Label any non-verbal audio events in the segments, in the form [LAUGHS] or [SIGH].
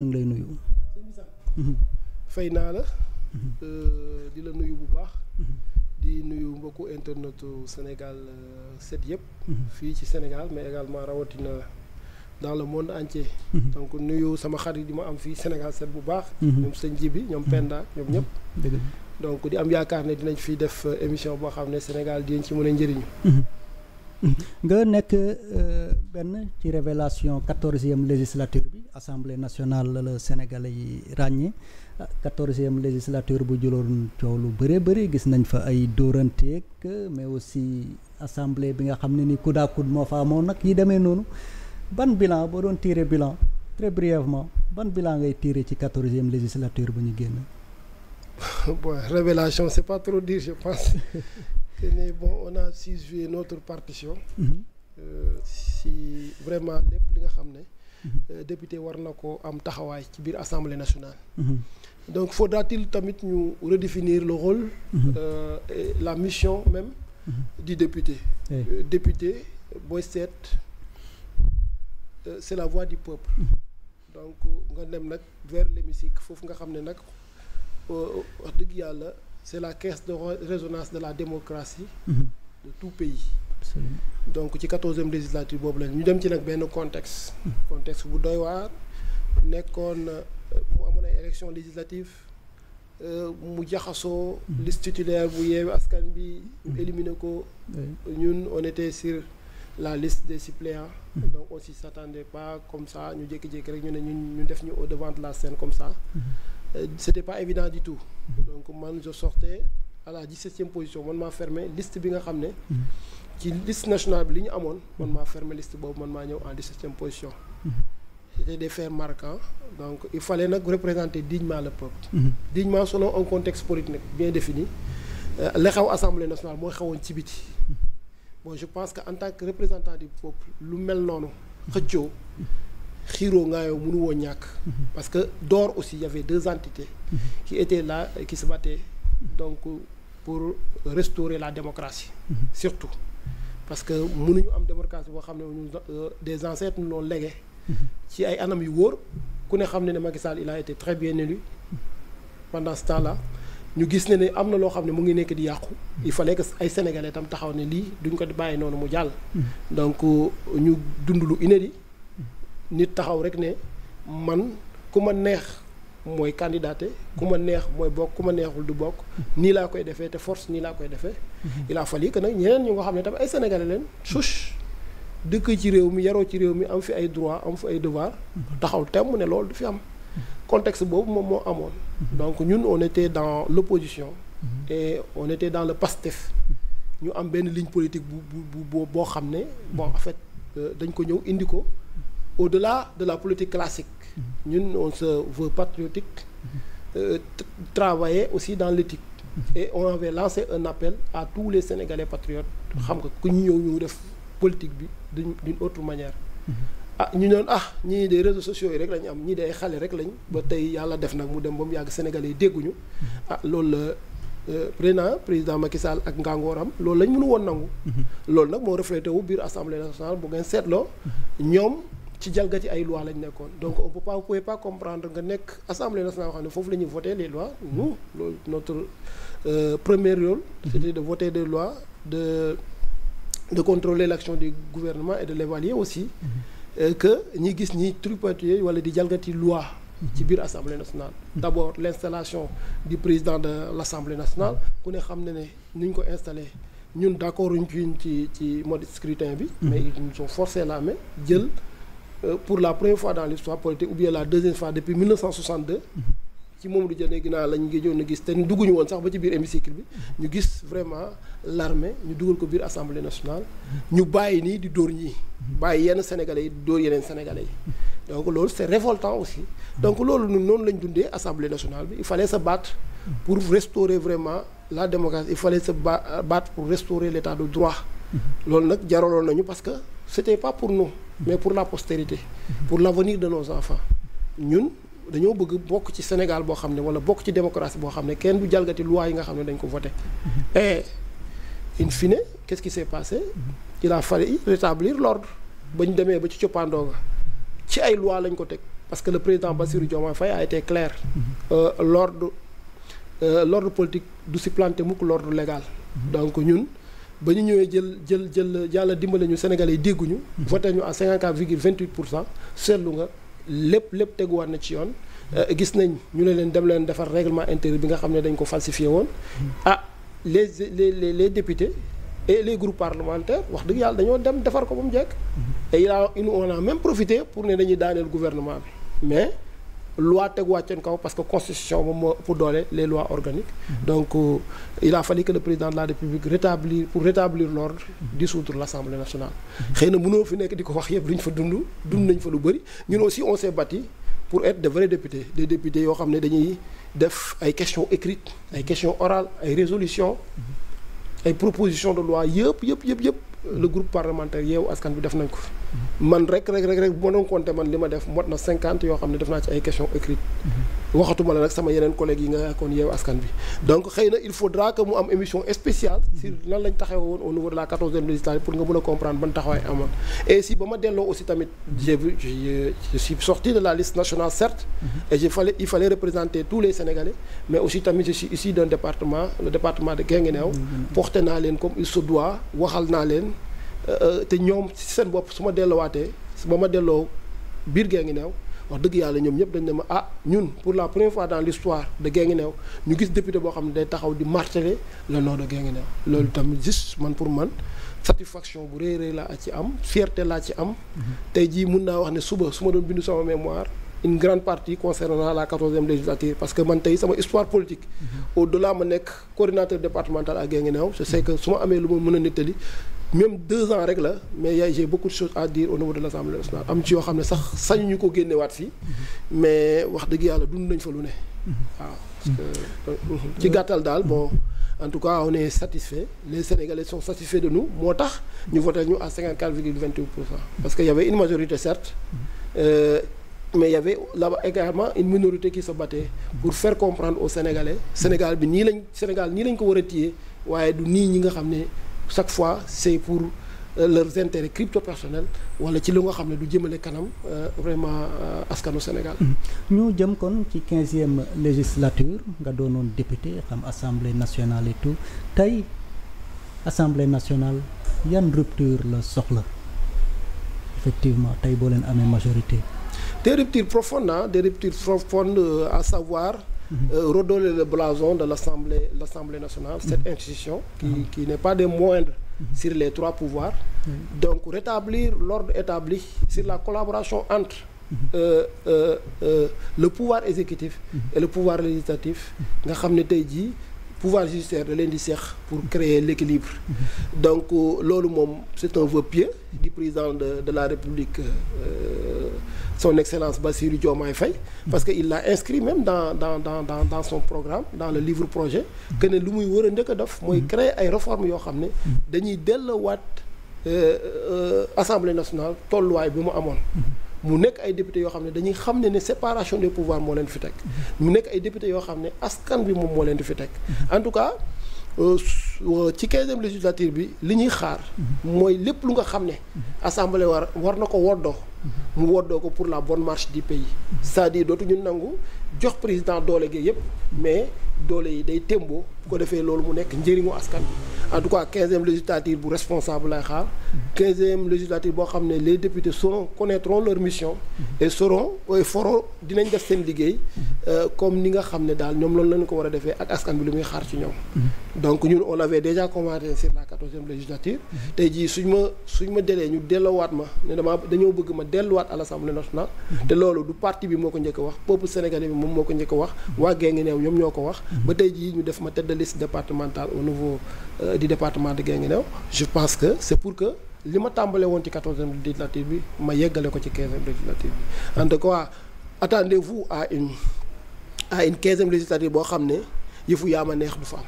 ñu ngi lay nuyu. naa la. Euh, di la nuyu bu baax. di nuyu mbokku internetu Sénégal euh, set yëpp. fii ci Sénégal mais également rawatina dans le monde entier. donc nuyu sama xarit di ma am fii Sénégal set bu baax. ñoom sëñ Jibi ñoom Penda ñoom ñëpp. donc di am yaakaar ne dinañ fi def euh, émission boo xam ne Sénégal dinañ ci mën njëriñu. nga nekk. benn ci révélation quatorzième législature bi assemblée nationale la sénégalais yi ràññee quatorzième législature bu juloon coow lu bëree bëri gis nañ fa ay dóoranteeg mais aussi assemblée bi nga xam ne ni coude à moo fa amoon nag yi demee noonu ban bilan boo doon tirer bilan très brièvement ban bilan ngay tirer ci quatorzième législature bu ñu génn. [LAUGHS] bon révélation c'est pas trop dire je pense [LAUGHS] partition. Mm ci vraiment lépp li nga xam ne. Mhm. Euh, député war na ko am taxawaay ci biir assemblée nationale. Mhm. donc foo t il tamit ñu redéfinir le rôle. Mhm. Euh, la mission même. di député. Euh, député booy seet euh, c'est la voix du peuple. donc nga dem nag vers l'hémicycle foofu nga xam ne nag wax dëgg yàlla c'est la caisse de résonance de la démocratie. de tout pays. donc ci quatorzième législature boobu la ñu dem ci nag benn contexte. contexte bu doy waar nekkoon euh, mu amoon ay élection législative euh, mu jaxasoo. Mm-hmm. liste titulaire bu yeewu askan bi. Mm-hmm. éliminer ko. ñun on était sur la liste de suppléants. Mm-hmm. donc on s'y s'attendait pas comme ça ñu jékki-jékki rek ñu ne ñun ñu def ñu au de de la scène comme ça. Euh, c'était pas évident du tout. donc man je sortais. à la dix-septième position man maa fermé liste bi nga xam ne. Hmm. ci liste nationale bi li ñu amoon man maa fermé liste boobu man maa ñëw en dix-septième position. Hmm. c'était des faits marquants donc il fallait nag représenter dignement le peuple. Hmm. dignement selon un contexte politique nag bien défini. Euh, li xew assemblée nationale mooy xewoon ci biti. bon je pense que en tant que représentant du peuple lu mel noonu. xëccoo xiiroo ngaa yow mënu woo ñàkk. parce que d'or aussi il y avait deux entités. qui donc. pour restaurer la démocratie. Mhm. surtout parce que mënuñu am démocratie boo xam ne ñu euh, des ancêtres ñu loolu légué mhm. ci ay anam yu wóor ku ne xam ne ne Macky Sall il a été très bien élu pendant ce temps ñu gis ne ne am na loo xam ne mu ngi nekk di yàqu. il fa que ay sénégalais tam taxaw ne lii duñ ko bàyyi noonu mu jàll. Mhm. donc euh, ñu dund lu inédit nit taxaw rek ne man ku ma neex. mooy candidaté ku ma neex mooy bokk ku ma neexul du bokk nii laa koy defee te force nii laa koy defee mhm. il a fallu que nag ñeneen ñu nga xam ne tamit ay sénégalais leen souche dëkk ci réew mi yaroo ci réew mi am fi ay droit am fi ay devoir mhm. taxaw temm ne loolu du fi am contexte boobu moom moo amoon mhm. donc ñun on était dans l'opposition et on était dans le pastef ñu am benn ligne politique bu bu boo xam ne bon en fait euh, dañ ko ñëw indi ko au-delà de la politique classique ñun on se veut patriotique mm-hmm. euh, travailler aussi dans l'éthique mm-hmm. et on avait lancé un appel à tous les sénégalais patriotes xam nga ku ñu ñëw ñu def politique bi d'une d'une autre manière mm-hmm. ah ñu noon ah ñi des réseaux sociaux yi rek lañu am ñii de xale rek lañ ba tey yàlla def nag mu dem ba mu yàgg sénégalais yi dégguñu ah loolu la euh, président président Macky Sall ak ngàngooram loolu lañ mënu woon nangu loolu nag moo reflété wu biir assemblée nationale bu ngeen seetloo ñoom ci jalgati ay loi lañ nekkoon donc on peut pas pas comprendre nga nekk assemblée nationale xam ne foofu la ñuy voter les lois nous loolu notre euh, premier rôle c'était de voter des lois de de contrôler l'action du gouvernement et de l'évaluer aussi mm-hmm. euh, que ñi gis ñi tripatouiller wala di jalgati loi mm-hmm. ci biir assemblée nationale mm-hmm. d'abord l'installation du président de l'assemblée nationale ku ne xam ne ne ni ñu ko installé ñun d'accord uñ ci ci mode scrutin bi mais ils nous ont forcé la Euh, pour la première fois dans l'histoire politique ou bien la deuxième fois depuis 1962. ci moom du jëlee ginnaaw lañu ngi joon na gis te dugguñu woon sax ba ci biir hémicycle bi ñu gis vraiment l'armée ñu dugal ko biir assemblée nationale ñu bàyyi nii di dóor ñii bàyyi yenn sénégalais yi di yeneen sénégalais yi donc loolu c'est révoltant aussi donc loolu ñun noonu lañ dundee assemblée nationale bi il falee sa baat pour restaurer vraiment la démocratie il fallait se battre pour restaurer l'état de droit loolu nag jaraloon nañu parce que c'était pas pour nous mais pour la postérité pour l'avenir de nos enfants ñun dañoo bëgg bokk ci Sénégal boo xam ne wala bokk ci démocratie boo xam ne kenn du jalgati loi yi nga xam ne dañ ko voté et in fine qu'est-ce qui s'est passé il a fallu rétablir l'ordre bañ demee ba ci coppaandoo ga ci ay loi lañ ko teg parce que le président Bassirou Diomaye Faye a été clair euh, l'ordre euh, l'ordre politique du supplanter mukk l'ordre légal donc ñun ba ñu ñëwee jël jël jël yàlla dimbale ñu sénégal yi dégguñu. Mhm. voté ñu à 54 virgule 28 pour cent seetlu nga lépp lépp teguwaat na ci yoon. Euh, gis nañ ñu ne leen dem leen defar réglement intérieur bi nga xam ne dañ ko falsifié woon. Mhm. ah les les les les députés et les groupes wax dëgg yàlla dañoo dem defar ko ba mu jekk. Mhm. et il a on a même profité pour ne dañuy daaneel gouvernement bi mais. loi teg wàccoon kaw parce que constitution moom moo ëpp doole les lois organiques donc euh, il a fallu que président de la république rétablir pour rétablir l'ordre dissoudre l'assemblée nationale xëy na mënoo fi nekk di ko wax yëpp lu ñu fa dund dund nañ fa lu bëri ñun aussi on s'est battu pour être de vrais députés des députés yoo xam ne dañuy def ay question écrites ay questions orales ay résolution ay proposition de loi yëpp yëpp yëpp yëpp le groupe parlementaire yeewu askan bi def nañ ko. man rek rek rek rek bu ma doon man li ma def mot na cinquante yoo xam ne def naa ci ay questions écrites. waxatuma la nag sama yeneen collègue yi nga yaakoon yeewu askan bi donc xëy na il faudra que mu am émission spéciale sur lan lañ taxaw woon au niveau de la quatorzième législature pour nga mën a comprendre ban taxawaay amoon et si ba ma delloo aussi tamit j'ai vu je suis sorti de la liste nationale certes mhm. et je fallait il fallait représenter tous les Sénégalais mais aussi tamit je suis issu d'un département le département de Guinguinéo mhm. porté naa leen comme il su doit waxal naa leen euh, euh, te ñoom ci seen bopp su ma delloowaatee ba ma delloo biir Guinguinéo wax dëgg yàlla ñoom ñëpp dañ ne ma ah ñun pour la première fois dans l'histoire de Guinguinéo ñu gis député boo xam ne day taxaw di marteler le nom de Guinguinéo loolu tamit juste man pour man satisfaction bu rëy rëy laa ci am fierté laa ci am mhm. tey jii mun naa wax ne suba su ma doon bindu sama mémoire une grande partie concernant la quatorzième législature parce que man tey sama histoire politique mhm. au delà ma nekk coordinateur départemental à Guinguinéo je sais que amee lu ma mën a nettali même deux ans rek la mais yaay j'ai beaucoup de choses à dire au niveau de l'Assemblée nationale am ci yoo xam ne sax sañu ñu ko waat fii mais wax dëgg yàlla dund nañ fa lu ne waaw parce que ci gàttal daal bon en tout cas on est satisfait les Sénégalais sont satisfaits de nu moo tax ñu voté ñu à 54 virgule 28 pour parce que y avait une majorité certes euh, mais y la là-bas également une minorité qui se battait pour faire comprendre au Sénégalais Sénégal bi nii lañ Sénégal nii lañ ko war a téye waaye du nii ñi nga xam ne chaque fois c'est pour euh, leurs intérêts crypto personnels wala ci li nga xam ne du jëmale kanam euh, vraiment euh, askanu Sénégal. Mhm. ñu jëm kon ci quinzième législature nga doonoon député xam assemblée nationale et tout tey assemblée nationale yan rupture la soxla effectivement tey boo leen amee majorité. des ruptures profondes ah des ruptures profondes à savoir. Euh, redorer le blason de l'Assemblée l'Assemblée nationale cette mhm. institution qui mhm. qui n'est pas des moindres mhm. sur les trois pouvoirs donc rétablir l'ordre établi sur la collaboration entre euh, euh, euh, le pouvoir exécutif et le pouvoir législatif nga xam ne tey jii pouvoir judiciaire da leen di seex pour créer l'équilibre donc loolu moom c'est un vœu pieux du président de de la République son excellence Bassirou Diomaye Faye parce que il l'a inscrit même dans dans dans dans dans son programme dans le livre projet que ne lu muy war a njëkk a def mooy créer ay réformes yoo xam ne dañuy delluwaat euh, euh, assemblée nationale tolluwaay bi mu amoon mu nekk ay député yoo xam ne dañuy xam ne ne séparation des pouvoirs moo leen fi teg mu nekk ay député yoo xam ne askan bi moom moo leen di fi teg en tout cas Euh, euh, ci quinzième législature bi li ñuy xaar mooy lépp lu nga xam ne assemblée war war na ko woddoo mu woddoo ko pour la bonne marché du pays sa à dire nangu jox président doole gi yëpp mais doole yi day témboo bu ko defee loolu mu nekk njëriñu askan bi en tout cas quinzième législature bu responsable lay xaar quinzième législature boo xam ne les députés seront connaîtront leur mission et seront et feront dinañ def seen liggéey euh, comme ni nga xam ne daal ñoom loolu lañu ko war a defee ak askan bi lu muy xaar ci ñoom donc ñun on avait déjà commencé sur la quatorzième législature tey jii suñ ma suñ ma delee ñu dellowaat ma ne dama dañoo bëgg ma delluwaat à l'Assemblée nationale te loolu du parti bi moo ko njëkk wax peuple sénégalais moom moo ko njëkk a wax waa Guinguinéo ñoom ñoo ko wax ba tey jii ñu def ma tête de liste départementale au niveau euh, du département de Guinguinéo je pense que c'est pour que li ma tàmbale woon ci quatorzième législative bi ma yeggale ko ci quinzième législative bi en tout cas attendez-vous à une une quinzième législative boo xam ne yëfu yaa ma neex du fa am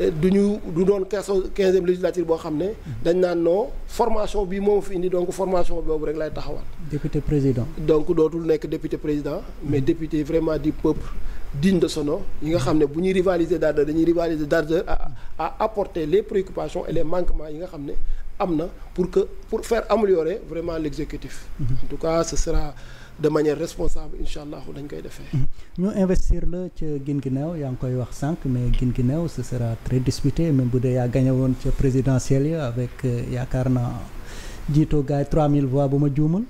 Euh, du ñu du doon quinze quinzième législature boo xam ne. dañ naan non formation bi moom fi indi donc formation boobu rek lay taxawal. député président. donc dootul nekk député président. mais mm-hmm. député vraiment di peuple digne de son nom yi nga xam ne bu ñuy rivaliser d'ardeur dañuy rivaliser d'ardeur à à apporter les préoccupations et les manquements yi nga xam ne. am na pour que pour faire améliorer vraiment l'exécutif. Mm-hmm. en tout cas ce sera. de manière responsable incha allahu dañ koy defee. Mm-hmm. ñu investir la ca new yaa ngi koy wax sànq mais Guinguinéo ce sera très disputé même bu dee yaa gagné woon ca présidentielle yi avec euh, yaakaar naa jiitoo gars yi 3000 voix bu ma juumal.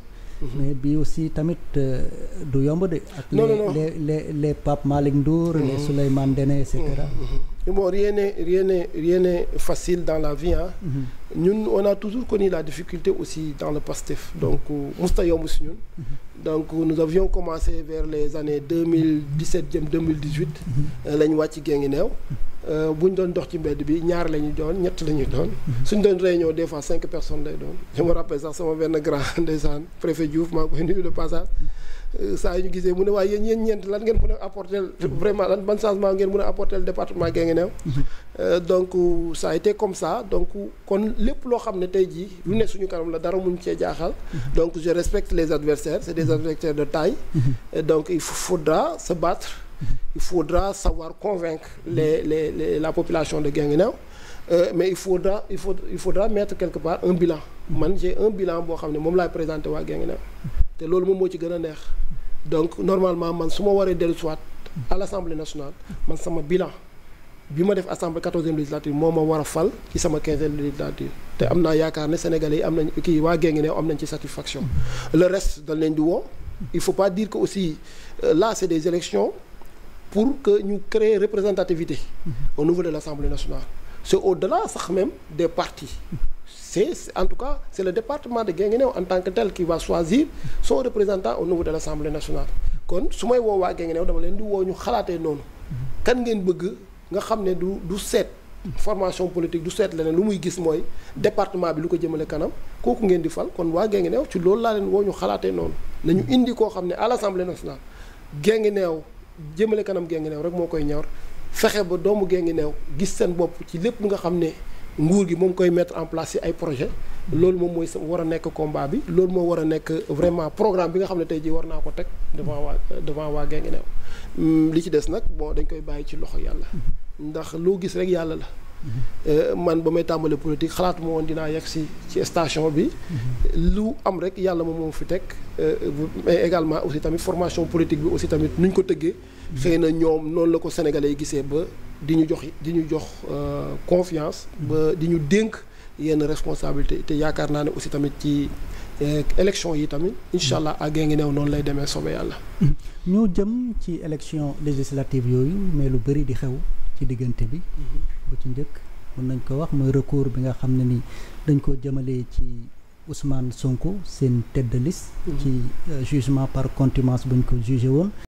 mais bii aussi tamit euh, du yomb de. ak les les les Pape Malick Ndour. les mm-hmm. Souleymane Ndéné et cetera. Mm-hmm. Mm-hmm. bon rien n'est rien n'est rien n'est facile dans la vie ah. ñun on a toujours connu la difficulté aussi dans le PASTEF donc musta yomb si ñun. donc euh, nous avions commencé vers les années deux mille dix sept jëm deux mille dix huit. Euh, lañ wàcc Guinguinéo Euh, bu ñu doon dox ci mbedd bi ñaar la ñuy doon ñett la ñuy doon. Mhm. suñ doon réunion des fois cinq personnes lay doon. je me rappelle sax sama benn grand [LAUGHS] ndeysaan préfet Diouf maa koy euh, saa yu ñu gisee mu ne waaye yéen yéen ñeent lan ngeen mën a apporter mhm. vraiment lan ban changement ngeen mën a apporter le département Guinguinéo. Mhm. Euh, donc ça a été comme ça donc kon lépp loo xam ne tey jii lu ne suñu kanam la dara mun cee jaaxal. donc je respecte les adversaires c'est des adversaires de taille. donc il faudra se battre. il faut faudra savoir convaincre les les, les la population de Guinguinéo euh, mais il faudra il faut il faudra mettre quelque part un bilan man j'ai un bilan boo xam ne moom laay présenté waa Guinguinéo te loolu moom moo ci gën a neex donc normalement man su ma waree dellu soit à l'Assemblée nationale man sama bilan bi ma def assemblée quatorzième législature moo ma war a fal ci sama quinzième législature te am naa yaakaar ne sénégalais am nañ kii waa Guinguinéo am nañ ci satisfaction le reste dañ leen di woo faut pas dire que aussi euh, là c'est des pour que ñu créer représentativité mhm. au niveau de l'Assemblée nationale c'est au-delà sax même des partis c'est en tout cas c'est le département de Guinguinéo en tant que tel qui va choisir son représentant au niveau de l'Assemblée nationale kon su may woo waa Guinguinéo dama leen di woo ñu xalaatee noonu mhm. kan ngeen bëgg nga xam ne du du seet formation politique du seet leneen lu muy gis mooy département bi lu ko jëmale kanam kooku ngeen di fal kon waa Guinguinéo ci loolu laa leen woo ñu xalaatee noonu nañu indi koo xam ne à l'Assemblée nationale Guinguinéo jëmale kanam Guinguinéo rek moo koy ñor fexe ba doomu Guinguinéo gis seen bopp ci lépp nga xam ne nguur gi moom koy mettre en place ci ay projet loolu moom mooy war a nekk combat bi loolu moo war a nekk vraiment programme bi nga xam ne tey jii war naa ko teg devant waa devant waa Guinguinéo mm, li ci des nag bon dañ koy bàyyi ci loxo yàlla ndax loo gis rek yàlla la Euh, man ba may tàmbale politique xalaat ma woon dinaa yegg si ci station bi. Mhm. lu am rek yàlla moom moo fi teg. Euh, mais également aussi tamit formation politique bi aussi tamit nuñ ko tëggee. Mhm. xëy na ñoom noonu la ko sénégalais yi gisee ba di ñu jox di ñu jox euh, confiance. Mhm. ba di ñu dénk yenn responsabilité te yaakaar naa ne aussi tamit ci. élection yi tamit incha allah ak yaa ngi new noonu lay demee soobee yàlla. ñu jëm ci élection législative yooyu mais lu bëri di xew. ci diggante bi mm-hmm. bu ci njëkk mën nañ ko wax mooy recours bi nga xam ne ni dañ ko jëmalee ci Ousmane Sonko seen tête de mm-hmm. ci euh, jugement par contumace buñ ko jugé woon